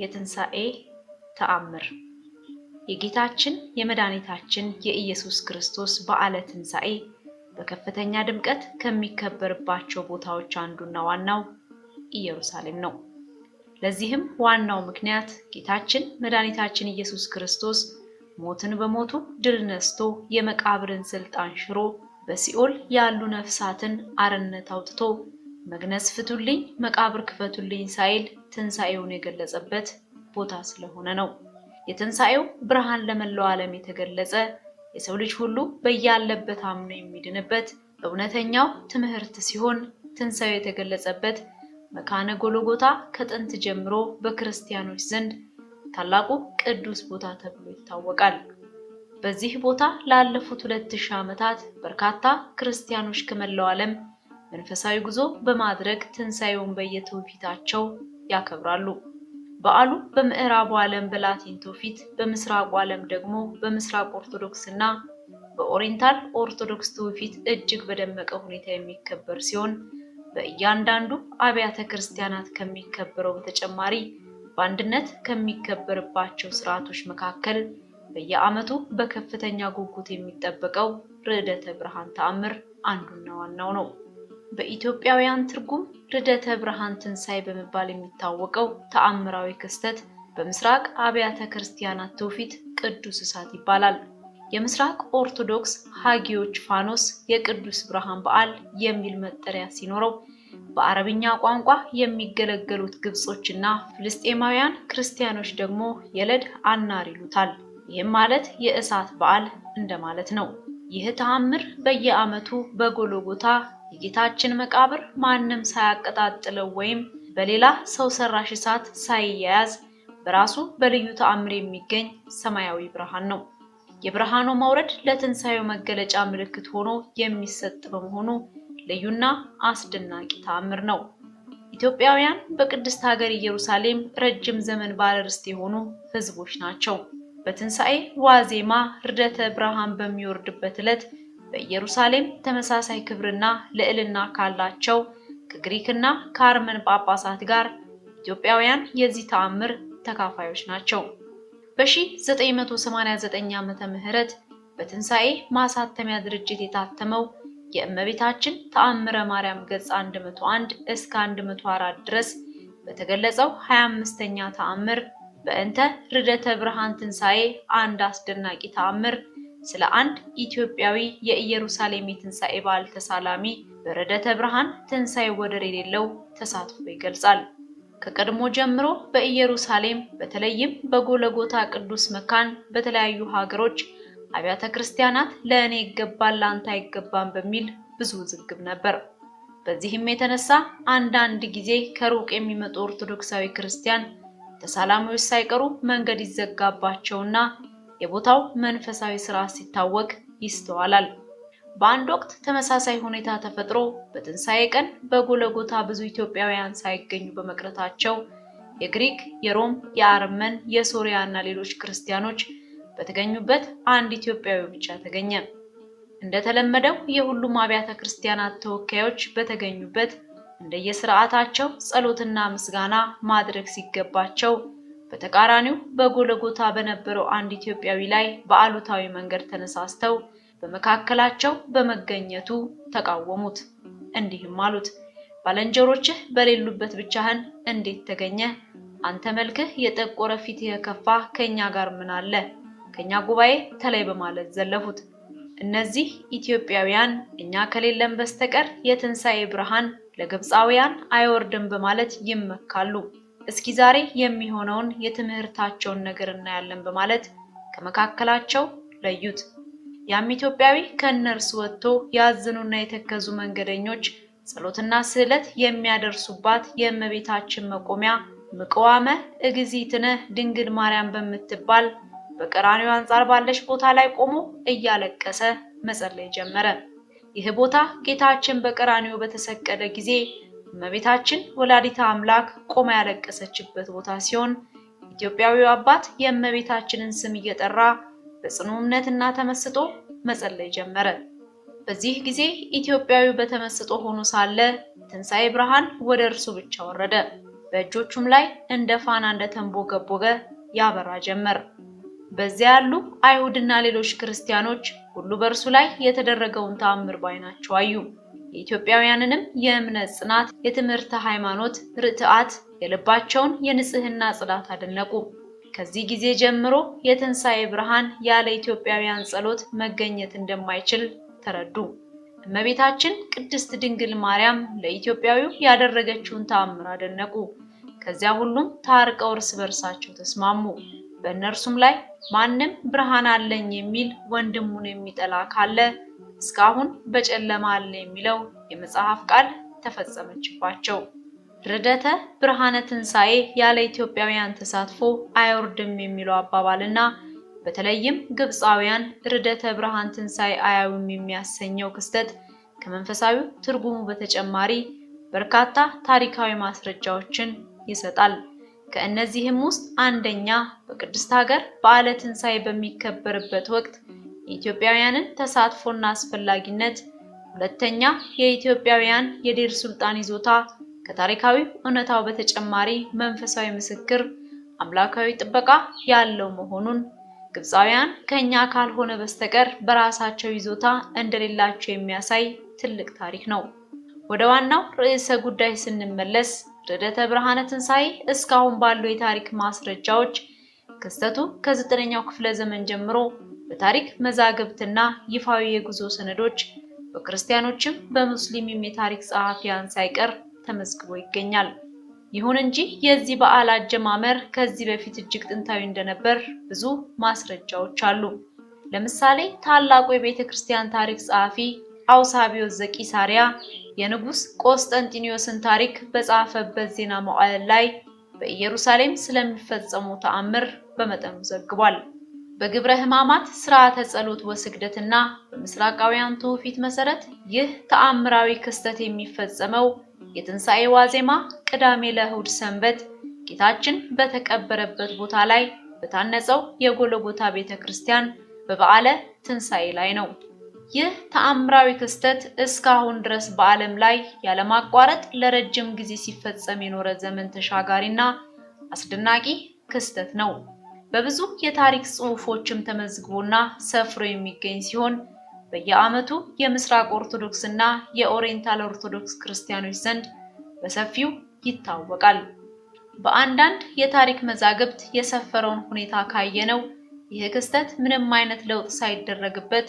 የትንሣኤ ተአምር የጌታችን የመድኃኒታችን የኢየሱስ ክርስቶስ በዓለ ትንሣኤ በከፍተኛ ድምቀት ከሚከበርባቸው ቦታዎች አንዱና ዋናው ኢየሩሳሌም ነው። ለዚህም ዋናው ምክንያት ጌታችን መድኃኒታችን ኢየሱስ ክርስቶስ ሞትን በሞቱ ድል ነስቶ የመቃብርን ስልጣን ሽሮ በሲኦል ያሉ ነፍሳትን አርነት አውጥቶ መግነዝ ፍቱልኝ፣ መቃብር ክፈቱልኝ ሳይል ትንሣኤውን የገለጸበት ቦታ ስለሆነ ነው። የትንሣኤው ብርሃን ለመላው ዓለም የተገለጸ የሰው ልጅ ሁሉ በያለበት አምኖ የሚድንበት እውነተኛው ትምህርት ሲሆን ትንሣኤው የተገለጸበት መካነ ጎልጎታ ከጥንት ጀምሮ በክርስቲያኖች ዘንድ ታላቁ ቅዱስ ቦታ ተብሎ ይታወቃል። በዚህ ቦታ ላለፉት ሁለት ሺህ ዓመታት በርካታ ክርስቲያኖች ከመላው ዓለም መንፈሳዊ ጉዞ በማድረግ ትንሣኤውን በየትውፊታቸው ያከብራሉ። በዓሉ በምዕራቡ ዓለም በላቲን ትውፊት፣ በምስራቁ ዓለም ደግሞ በምስራቅ ኦርቶዶክስ እና በኦሪየንታል ኦርቶዶክስ ትውፊት እጅግ በደመቀ ሁኔታ የሚከበር ሲሆን በእያንዳንዱ አብያተ ክርስቲያናት ከሚከበረው በተጨማሪ በአንድነት ከሚከበርባቸው ስርዓቶች መካከል በየዓመቱ በከፍተኛ ጉጉት የሚጠበቀው ርዕደተ ብርሃን ተአምር አንዱና ዋናው ነው። በኢትዮጵያውያን ትርጉም ርደተ ብርሃን ትንሣኤ በመባል የሚታወቀው ተአምራዊ ክስተት በምስራቅ አብያተ ክርስቲያናት ትውፊት ቅዱስ እሳት ይባላል። የምስራቅ ኦርቶዶክስ ሐጊዮች ፋኖስ የቅዱስ ብርሃን በዓል የሚል መጠሪያ ሲኖረው በአረብኛ ቋንቋ የሚገለገሉት ግብጾች እና ፍልስጤማውያን ክርስቲያኖች ደግሞ የለድ አናር ይሉታል። ይህም ማለት የእሳት በዓል እንደማለት ነው። ይህ ተአምር በየዓመቱ በጎሎጎታ የጌታችን መቃብር ማንም ሳያቀጣጥለው ወይም በሌላ ሰው ሰራሽ እሳት ሳይያያዝ በራሱ በልዩ ተአምር የሚገኝ ሰማያዊ ብርሃን ነው። የብርሃኑ መውረድ ለትንሣኤው መገለጫ ምልክት ሆኖ የሚሰጥ በመሆኑ ልዩና አስደናቂ ተአምር ነው። ኢትዮጵያውያን በቅድስት ሀገር ኢየሩሳሌም ረጅም ዘመን ባለርስት የሆኑ ሕዝቦች ናቸው። በትንሣኤ ዋዜማ ርደተ ብርሃን በሚወርድበት ዕለት በኢየሩሳሌም ተመሳሳይ ክብርና ልዕልና ካላቸው ከግሪክና ከአርመን ጳጳሳት ጋር ኢትዮጵያውያን የዚህ ተአምር ተካፋዮች ናቸው። በ989 ዓ ምህረት በትንሣኤ ማሳተሚያ ድርጅት የታተመው የእመቤታችን ተአምረ ማርያም ገጽ 101 እስከ 104 ድረስ በተገለጸው 25ኛ ተአምር በእንተ ርደተ ብርሃን ትንሣኤ አንድ አስደናቂ ተአምር ስለ አንድ ኢትዮጵያዊ የኢየሩሳሌም የትንሣኤ በዓል ተሳላሚ በረደተ ብርሃን ትንሣኤ ወደር የሌለው ተሳትፎ ይገልጻል። ከቀድሞ ጀምሮ በኢየሩሳሌም በተለይም በጎለጎታ ቅዱስ መካን በተለያዩ ሀገሮች አብያተ ክርስቲያናት ለእኔ ይገባል ለአንተ አይገባም በሚል ብዙ ውዝግብ ነበር። በዚህም የተነሳ አንዳንድ ጊዜ ከሩቅ የሚመጡ ኦርቶዶክሳዊ ክርስቲያን ተሳላሚዎች ሳይቀሩ መንገድ ይዘጋባቸውና የቦታው መንፈሳዊ ስራ ሲታወቅ ይስተዋላል። በአንድ ወቅት ተመሳሳይ ሁኔታ ተፈጥሮ በትንሣኤ ቀን በጎለጎታ ብዙ ኢትዮጵያውያን ሳይገኙ በመቅረታቸው የግሪክ፣ የሮም፣ የአርመን፣ የሶሪያ እና ሌሎች ክርስቲያኖች በተገኙበት አንድ ኢትዮጵያዊ ብቻ ተገኘ። እንደተለመደው የሁሉም አብያተ ክርስቲያናት ተወካዮች በተገኙበት እንደየስርዓታቸው ጸሎትና ምስጋና ማድረግ ሲገባቸው በተቃራኒው በጎለጎታ በነበረው አንድ ኢትዮጵያዊ ላይ በአሉታዊ መንገድ ተነሳስተው በመካከላቸው በመገኘቱ ተቃወሙት። እንዲህም አሉት፣ ባልንጀሮችህ በሌሉበት ብቻህን እንዴት ተገኘ? አንተ መልክህ የጠቆረ ፊትህ የከፋ ከኛ ጋር ምን አለ? ከኛ ጉባኤ ተለይ በማለት ዘለፉት። እነዚህ ኢትዮጵያውያን እኛ ከሌለን በስተቀር የትንሣኤ ብርሃን ለግብፃውያን አይወርድም በማለት ይመካሉ። እስኪ ዛሬ የሚሆነውን የትምህርታቸውን ነገር እናያለን በማለት ከመካከላቸው ለዩት። ያም ኢትዮጵያዊ ከእነርሱ ወጥቶ ያዘኑና የተከዙ መንገደኞች ጸሎትና ስዕለት የሚያደርሱባት የእመቤታችን መቆሚያ ምቅዋመ እግዚትነ ድንግል ማርያም በምትባል በቀራኒው አንጻር ባለች ቦታ ላይ ቆሞ እያለቀሰ መጸለይ ጀመረ። ይህ ቦታ ጌታችን በቀራኒው በተሰቀለ ጊዜ እመቤታችን ወላዲታ አምላክ ቆማ ያለቀሰችበት ቦታ ሲሆን ኢትዮጵያዊው አባት የእመቤታችንን ስም እየጠራ በጽኑ እና ተመስጦ መጸለይ ጀመረ። በዚህ ጊዜ ኢትዮጵያዊው በተመስጦ ሆኖ ሳለ ትንሣኤ ብርሃን ወደ እርሱ ብቻ ወረደ። በእጆቹም ላይ እንደ ፋና ገቦገ ያበራ ጀመር። በዚያ ያሉ አይሁድና ሌሎች ክርስቲያኖች ሁሉ በእርሱ ላይ የተደረገውን ተአምር ባይናቸው አዩ። የኢትዮጵያውያንንም የእምነት ጽናት፣ የትምህርት ሃይማኖት ርትዓት፣ የልባቸውን የንጽህና ጽላት አደነቁ። ከዚህ ጊዜ ጀምሮ የትንሣኤ ብርሃን ያለ ኢትዮጵያውያን ጸሎት መገኘት እንደማይችል ተረዱ። እመቤታችን ቅድስት ድንግል ማርያም ለኢትዮጵያዊው ያደረገችውን ተአምር አደነቁ። ከዚያ ሁሉም ታርቀው እርስ በርሳቸው ተስማሙ። በእነርሱም ላይ ማንም ብርሃን አለኝ የሚል ወንድሙን የሚጠላ ካለ እስካሁን በጨለማ አለ የሚለው የመጽሐፍ ቃል ተፈጸመችባቸው። ርደተ ብርሃነ ትንሣኤ ያለ ኢትዮጵያውያን ተሳትፎ አይወርድም የሚለው አባባልና በተለይም ግብፃውያን ርደተ ብርሃን ትንሣኤ አያዩም የሚያሰኘው ክስተት ከመንፈሳዊ ትርጉሙ በተጨማሪ በርካታ ታሪካዊ ማስረጃዎችን ይሰጣል። ከእነዚህም ውስጥ አንደኛ በቅድስት ሀገር በዓለ ትንሣኤ በሚከበርበት ወቅት የኢትዮጵያውያንን ተሳትፎና አስፈላጊነት፣ ሁለተኛ የኢትዮጵያውያን የዴር ሱልጣን ይዞታ ከታሪካዊ እውነታው በተጨማሪ መንፈሳዊ ምስክር፣ አምላካዊ ጥበቃ ያለው መሆኑን ግብፃውያን ከኛ ካልሆነ በስተቀር በራሳቸው ይዞታ እንደሌላቸው የሚያሳይ ትልቅ ታሪክ ነው። ወደ ዋናው ርዕሰ ጉዳይ ስንመለስ ርዕደተ ብርሃነ ትንሣኤ እስካሁን ባሉ የታሪክ ማስረጃዎች ክስተቱ ከዘጠነኛው ክፍለ ዘመን ጀምሮ በታሪክ መዛግብትና ይፋዊ የጉዞ ሰነዶች በክርስቲያኖችም በሙስሊምም የታሪክ ጸሐፊያን ሳይቀር ተመዝግቦ ይገኛል። ይሁን እንጂ የዚህ በዓል አጀማመር ከዚህ በፊት እጅግ ጥንታዊ እንደነበር ብዙ ማስረጃዎች አሉ። ለምሳሌ ታላቁ የቤተ ክርስቲያን ታሪክ ጸሐፊ አውሳቢዮስ ዘቂሳሪያ የንጉሥ ቆስጠንጢኒዮስን ታሪክ በጻፈበት ዜና መዋዕል ላይ በኢየሩሳሌም ስለሚፈጸሙ ተአምር በመጠኑ ዘግቧል። በግብረ ሕማማት ስርዓተ ጸሎት ወስግደትና በምስራቃውያን ትውፊት መሰረት ይህ ተአምራዊ ክስተት የሚፈጸመው የትንሣኤ ዋዜማ ቅዳሜ ለእሁድ ሰንበት ጌታችን በተቀበረበት ቦታ ላይ በታነጸው የጎለጎታ ቤተ ክርስቲያን በበዓለ ትንሣኤ ላይ ነው። ይህ ተአምራዊ ክስተት እስካሁን ድረስ በዓለም ላይ ያለማቋረጥ ለረጅም ጊዜ ሲፈጸም የኖረ ዘመን ተሻጋሪና አስደናቂ ክስተት ነው። በብዙ የታሪክ ጽሑፎችም ተመዝግቦና ሰፍሮ የሚገኝ ሲሆን በየዓመቱ የምስራቅ ኦርቶዶክስ እና የኦሪየንታል ኦርቶዶክስ ክርስቲያኖች ዘንድ በሰፊው ይታወቃል። በአንዳንድ የታሪክ መዛግብት የሰፈረውን ሁኔታ ካየነው ይህ ክስተት ምንም አይነት ለውጥ ሳይደረግበት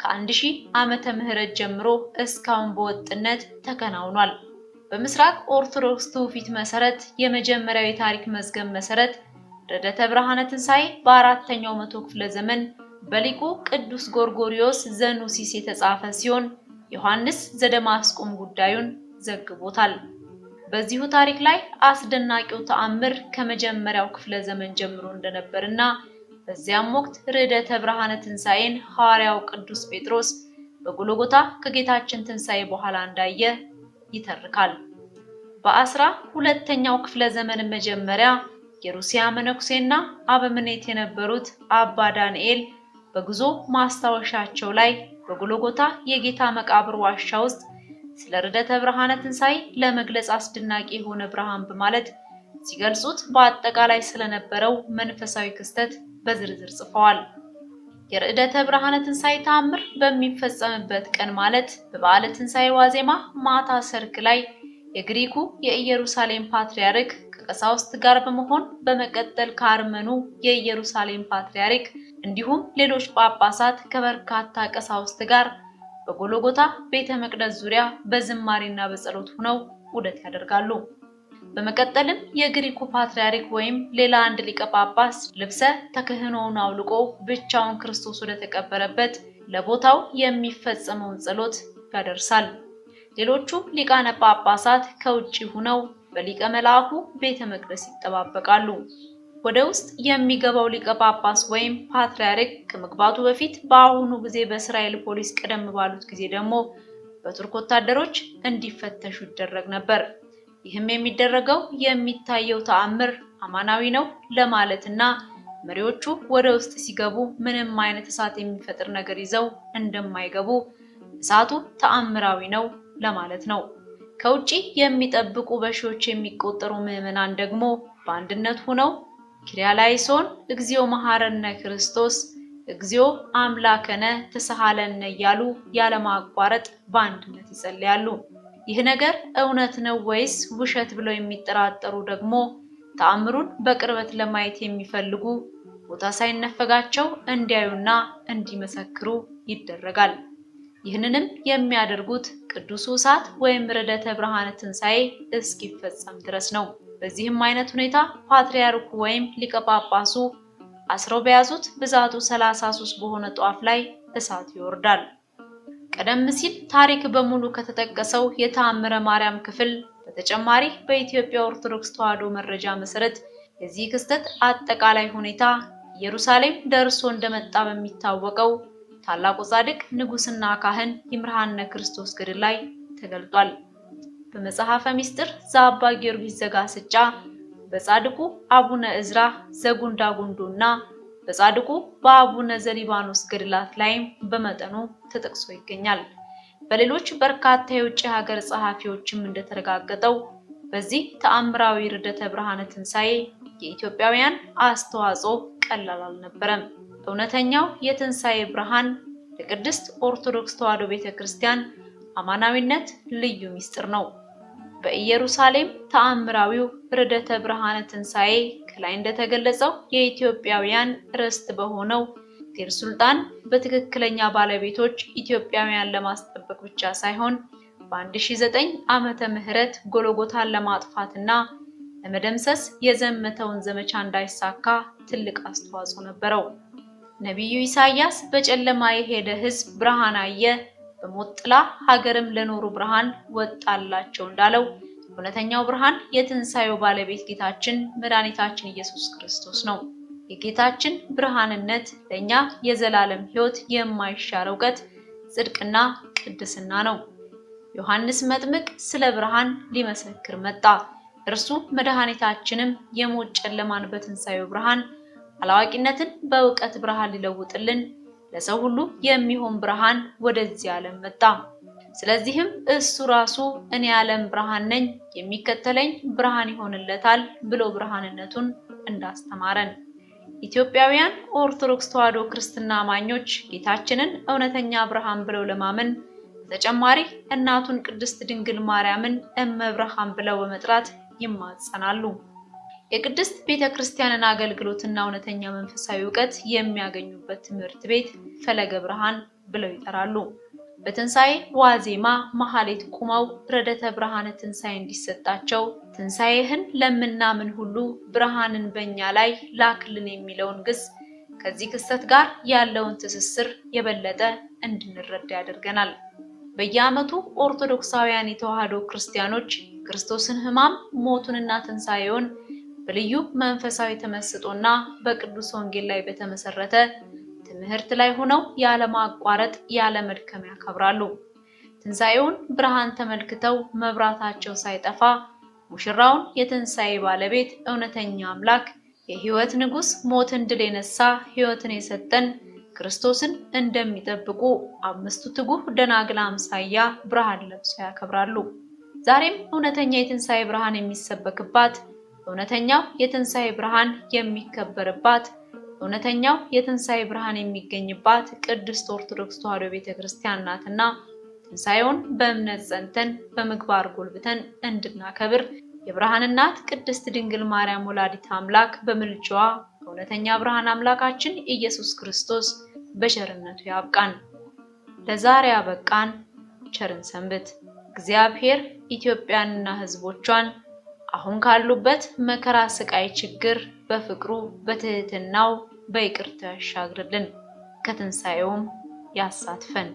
ከአንድ ሺህ ዓመተ ምህረት ጀምሮ እስካሁን በወጥነት ተከናውኗል። በምስራቅ ኦርቶዶክስ ትውፊት መሰረት የመጀመሪያው የታሪክ መዝገብ መሰረት ረደተ ብርሃነ ትንሣኤ በአራተኛው መቶ ክፍለ ዘመን በሊቁ ቅዱስ ጎርጎሪዮስ ዘኑሲስ የተጻፈ ሲሆን ዮሐንስ ዘደማስቆም ጉዳዩን ዘግቦታል። በዚሁ ታሪክ ላይ አስደናቂው ተአምር ከመጀመሪያው ክፍለ ዘመን ጀምሮ እንደነበርና በዚያም ወቅት ርዕደተ ብርሃነ ትንሣኤን ሐዋርያው ቅዱስ ጴጥሮስ በጎልጎታ ከጌታችን ትንሣኤ በኋላ እንዳየ ይተርካል። በአስራ ሁለተኛው ክፍለ ዘመን መጀመሪያ የሩሲያ መነኩሴና አበምኔት የነበሩት አባ ዳንኤል በጉዞ ማስታወሻቸው ላይ በጎልጎታ የጌታ መቃብር ዋሻ ውስጥ ስለ ርደተ ብርሃነ ትንሣኤ ለመግለጽ አስደናቂ የሆነ ብርሃን በማለት ሲገልጹት በአጠቃላይ ስለነበረው መንፈሳዊ ክስተት በዝርዝር ጽፈዋል። የርዕደተ ብርሃነ ትንሣኤ ተአምር በሚፈጸምበት ቀን ማለት በበዓለ ትንሣኤ ዋዜማ ማታ ሰርክ ላይ የግሪኩ የኢየሩሳሌም ፓትርያርክ ቀሳውስት ጋር በመሆን በመቀጠል ከአርመኑ የኢየሩሳሌም ፓትርያርክ እንዲሁም ሌሎች ጳጳሳት ከበርካታ ቀሳውስት ጋር በጎሎጎታ ቤተ መቅደስ ዙሪያ በዝማሬና በጸሎት ሆነው ውደት ያደርጋሉ። በመቀጠልም የግሪኩ ፓትርያርክ ወይም ሌላ አንድ ሊቀ ጳጳስ ልብሰ ተክህኖውን አውልቆ ብቻውን ክርስቶስ ወደተቀበረበት ለቦታው የሚፈጸመውን ጸሎት ያደርሳል። ሌሎቹ ሊቃነ ጳጳሳት ከውጭ ሆነው በሊቀ መልአኩ ቤተ መቅደስ ይጠባበቃሉ። ወደ ውስጥ የሚገባው ሊቀ ጳጳስ ወይም ፓትርያርክ ከመግባቱ በፊት በአሁኑ ጊዜ በእስራኤል ፖሊስ፣ ቀደም ባሉት ጊዜ ደግሞ በቱርክ ወታደሮች እንዲፈተሹ ይደረግ ነበር። ይህም የሚደረገው የሚታየው ተአምር አማናዊ ነው ለማለትና መሪዎቹ ወደ ውስጥ ሲገቡ ምንም አይነት እሳት የሚፈጥር ነገር ይዘው እንደማይገቡ እሳቱ ተአምራዊ ነው ለማለት ነው። ከውጪ የሚጠብቁ በሺዎች የሚቆጠሩ ምዕመናን ደግሞ በአንድነት ሆነው ኪርያላይሶን እግዚኦ መሐረነ ክርስቶስ እግዚኦ አምላከነ ተሰሃለነ እያሉ ያለማቋረጥ በአንድነት ይጸልያሉ። ይህ ነገር እውነት ነው ወይስ ውሸት ብለው የሚጠራጠሩ ደግሞ ተአምሩን በቅርበት ለማየት የሚፈልጉ ቦታ ሳይነፈጋቸው እንዲያዩና እንዲመሰክሩ ይደረጋል። ይህንንም የሚያደርጉት ቅዱሱ እሳት ወይም ርደተ ብርሃነ ትንሣኤ እስኪፈጸም ድረስ ነው። በዚህም አይነት ሁኔታ ፓትርያርኩ ወይም ሊቀ ጳጳሱ አስረው በያዙት ብዛቱ 33 በሆነ ጧፍ ላይ እሳት ይወርዳል። ቀደም ሲል ታሪክ በሙሉ ከተጠቀሰው የተአምረ ማርያም ክፍል በተጨማሪ በኢትዮጵያ ኦርቶዶክስ ተዋሕዶ መረጃ መሰረት የዚህ ክስተት አጠቃላይ ሁኔታ ኢየሩሳሌም ደርሶ እንደመጣ በሚታወቀው ታላቁ ጻድቅ ንጉሥና ካህን ይምርሃነ ክርስቶስ ገድል ላይ ተገልጧል። በመጽሐፈ ሚስጥር ዘአባ ጊዮርጊስ ዘጋስጫ በጻድቁ አቡነ እዝራ ጉንዶ እና በጻድቁ በአቡነ ዘሊባኖስ ገድላት ላይም በመጠኑ ተጠቅሶ ይገኛል። በሌሎች በርካታ የውጭ ሀገር ጸሐፊዎችም እንደተረጋገጠው በዚህ ተአምራዊ ርደተ ብርሃነ ትንሣኤ የኢትዮጵያውያን አስተዋጽኦ ቀላል አልነበረም። እውነተኛው የትንሣኤ ብርሃን ለቅድስት ኦርቶዶክስ ተዋሕዶ ቤተ ክርስቲያን አማናዊነት ልዩ ምስጢር ነው። በኢየሩሳሌም ተአምራዊው ርደተ ብርሃነ ትንሣኤ ከላይ እንደተገለጸው የኢትዮጵያውያን ርስት በሆነው ቴር ሱልጣን በትክክለኛ ባለቤቶች ኢትዮጵያውያን ለማስጠበቅ ብቻ ሳይሆን በ1009 ዓመተ ምህረት ጎልጎታን ለማጥፋትና ለመደምሰስ የዘመተውን ዘመቻ እንዳይሳካ ትልቅ አስተዋጽኦ ነበረው። ነቢዩ ኢሳያስ በጨለማ የሄደ ሕዝብ ብርሃን አየ፣ በሞት ጥላ ሀገርም ለኖሩ ብርሃን ወጣላቸው እንዳለው እውነተኛው ብርሃን የትንሣኤው ባለቤት ጌታችን መድኃኒታችን ኢየሱስ ክርስቶስ ነው። የጌታችን ብርሃንነት ለእኛ የዘላለም ሕይወት የማይሻር እውቀት፣ ጽድቅና ቅድስና ነው። ዮሐንስ መጥምቅ ስለ ብርሃን ሊመሰክር መጣ። እርሱ መድኃኒታችንም የሞት ጨለማን በትንሣኤው ብርሃን አላዋቂነትን በእውቀት ብርሃን ሊለውጥልን ለሰው ሁሉ የሚሆን ብርሃን ወደዚህ ዓለም መጣ። ስለዚህም እሱ ራሱ እኔ ዓለም ብርሃን ነኝ፣ የሚከተለኝ ብርሃን ይሆንለታል ብሎ ብርሃንነቱን እንዳስተማረን ኢትዮጵያውያን ኦርቶዶክስ ተዋሕዶ ክርስትና አማኞች ጌታችንን እውነተኛ ብርሃን ብለው ለማመን በተጨማሪ እናቱን ቅድስት ድንግል ማርያምን እመብርሃን ብለው በመጥራት ይማጸናሉ። የቅድስት ቤተ ክርስቲያንን አገልግሎትና እውነተኛ መንፈሳዊ እውቀት የሚያገኙበት ትምህርት ቤት ፈለገ ብርሃን ብለው ይጠራሉ። በትንሣኤ ዋዜማ መሐሌት ቁመው ረደተ ብርሃነ ትንሣኤ እንዲሰጣቸው ትንሣኤህን ለምናምን ሁሉ ብርሃንን በእኛ ላይ ላክልን የሚለውን ግስ ከዚህ ክስተት ጋር ያለውን ትስስር የበለጠ እንድንረዳ ያደርገናል። በየዓመቱ ኦርቶዶክሳውያን የተዋህዶ ክርስቲያኖች ክርስቶስን ሕማም ሞቱንና ትንሣኤውን በልዩ መንፈሳዊ ተመስጦና በቅዱስ ወንጌል ላይ በተመሰረተ ትምህርት ላይ ሆነው ያለማቋረጥ ያለመድከም ያከብራሉ። ትንሣኤውን ብርሃን ተመልክተው መብራታቸው ሳይጠፋ ሙሽራውን የትንሣኤ ባለቤት እውነተኛ አምላክ የሕይወት ንጉሥ ሞትን ድል የነሳ ሕይወትን የሰጠን ክርስቶስን እንደሚጠብቁ አምስቱ ትጉህ ደናግል አምሳያ ብርሃን ለብሰው ያከብራሉ። ዛሬም እውነተኛ የትንሣኤ ብርሃን የሚሰበክባት እውነተኛው የትንሣኤ ብርሃን የሚከበርባት እውነተኛው የትንሣኤ ብርሃን የሚገኝባት ቅድስት ኦርቶዶክስ ተዋሕዶ ቤተ ክርስቲያን ናትና ትንሣኤውን በእምነት ጸንተን በምግባር ጎልብተን እንድናከብር የብርሃን እናት ቅድስት ድንግል ማርያም ወላዲት አምላክ በምልጃዋ እውነተኛ ብርሃን አምላካችን ኢየሱስ ክርስቶስ በቸርነቱ ያብቃን። ለዛሬ ያበቃን ቸርን ሰንብት። እግዚአብሔር ኢትዮጵያንና ሕዝቦቿን አሁን ካሉበት መከራ፣ ስቃይ፣ ችግር በፍቅሩ በትህትናው በይቅርታ ያሻግርልን፣ ከትንሣኤውም ያሳትፈን።